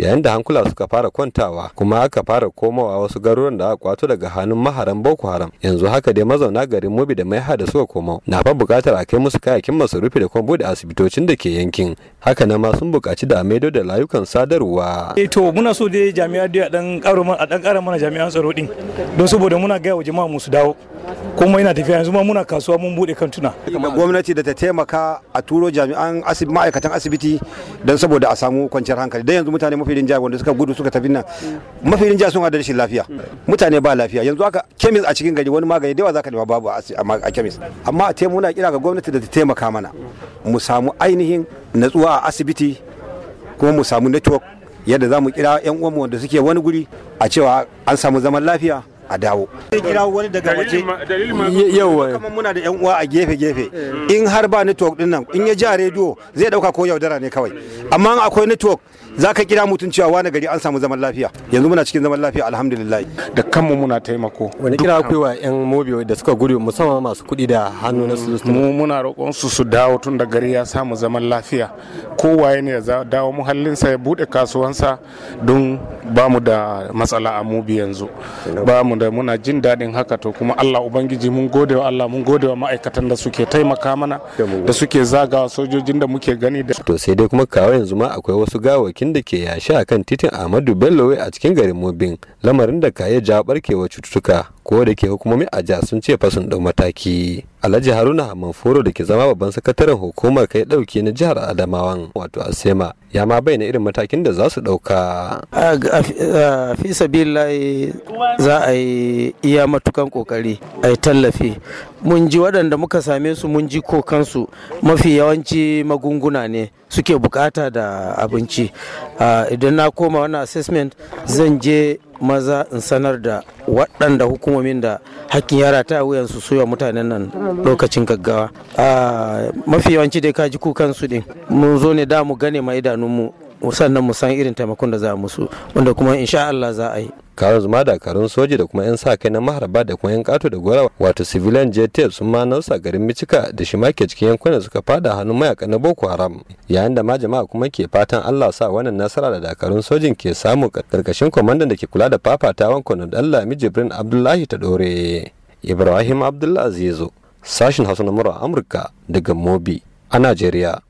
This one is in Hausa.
yayin da hankula suka fara kwantawa kuma aka fara komawa wasu garuruwan da aka kwato daga hannun maharan boko haram yanzu haka dai mazauna garin mubi da mai da suka komo. na fa bukatar a kai musu kayakin masarufi da kuma da asibitocin da ke yankin haka na ma sun bukaci da amedo da layukan sadarwa eh to muna so dai jami'a dai a dan karo a dan karo mana jami'an tsaro din don saboda muna gaya wa jama'a mu su dawo kuma yana tafiya yanzu ma muna kasuwa mun bude kantuna gwamnati da ta taimaka a turo jami'an ma'aikatan asibiti don saboda a samu kwanciyar hankali dan yanzu mutane mafi rinjaya wanda suka gudu suka tafi nan mafi rinjaya sun hada shi lafiya mutane ba lafiya yanzu aka kemis a cikin gari wani magani da yawa zaka nema babu a kemis amma a taimuna muna kira ga gwamnati da ta taimaka mana mu samu ainihin natsuwa a asibiti kuma mu samu network yadda za mu kira 'yan uwanmu wanda suke wani guri a cewa an samu zaman lafiya a dawo zai kira wani daga waje yawa kamar muna da yan uwa a gefe gefe mm. in har ba network din nan in ya ji a rediyo zai dauka ko yaudara ne kawai amma akwai network za ka kira mutum cewa wani gari an samu zaman lafiya yanzu muna cikin zaman lafiya alhamdulillah da kanmu muna taimako wani kira akwai wa yan mobi da suka gudu musamman masu kuɗi da hannu na su mu muna roƙon su su dawo tun da gari ya samu zaman lafiya kowaye ne ya dawo muhallinsa ya buɗe kasuwansa don ba mu da matsala a mobi yanzu ba mu da muna jin daɗin haka to kuma Allah ubangiji mun gode wa Allah mun gode wa ma'aikatan da suke taimaka mana da suke zagawa sojojin da muke gani da to sai dai kuma kawo yanzu ma akwai wasu gawaki bakin da ke yashi a kan titin Ahmadu Bello a cikin garin Mobin lamarin da ka iya jawo barkewar cututtuka ko da ke hukumomi a ja sun ce fasun sun dau mataki. Alhaji Haruna Hamanforo da ke zama babban sakataren hukumar kai dauke na jihar Adamawan wato Asema ya ma bayyana irin matakin da za su dauka. Fi sabillahi za a yi iya matukan kokari a yi tallafi. Mun ji waɗanda muka same su mun ji kokansu mafi yawanci magunguna ne suke bukata da abinci Ah, idan na koma wannan assessment zan je maza in sanar da waɗanda hukumomin da hakkin yara ta su suya mutanen nan lokacin gaggawa ah, mafi yawanci dai kaji su din mun zo ne da mu gane ma idanunmu sannan mu san irin taimakon da za musu wanda kuma insha Allah za a yi kawo zuma dakarun soji da kuma 'yan sa kai na maharba da kuma 'yan kato da gora wato civilian jet sun ma nausa garin micika da shi ke cikin yankunan suka fada hannun mayaka na boko haram yayin da ma jama'a kuma ke fatan allah sa wannan nasara da dakarun sojin ke samu karkashin kwamandan da ke kula da fafatawan kwanan allah jibrin abdullahi ta dore ibrahim abdullahi azizu sashin hausa na amurka daga mobi a nigeria.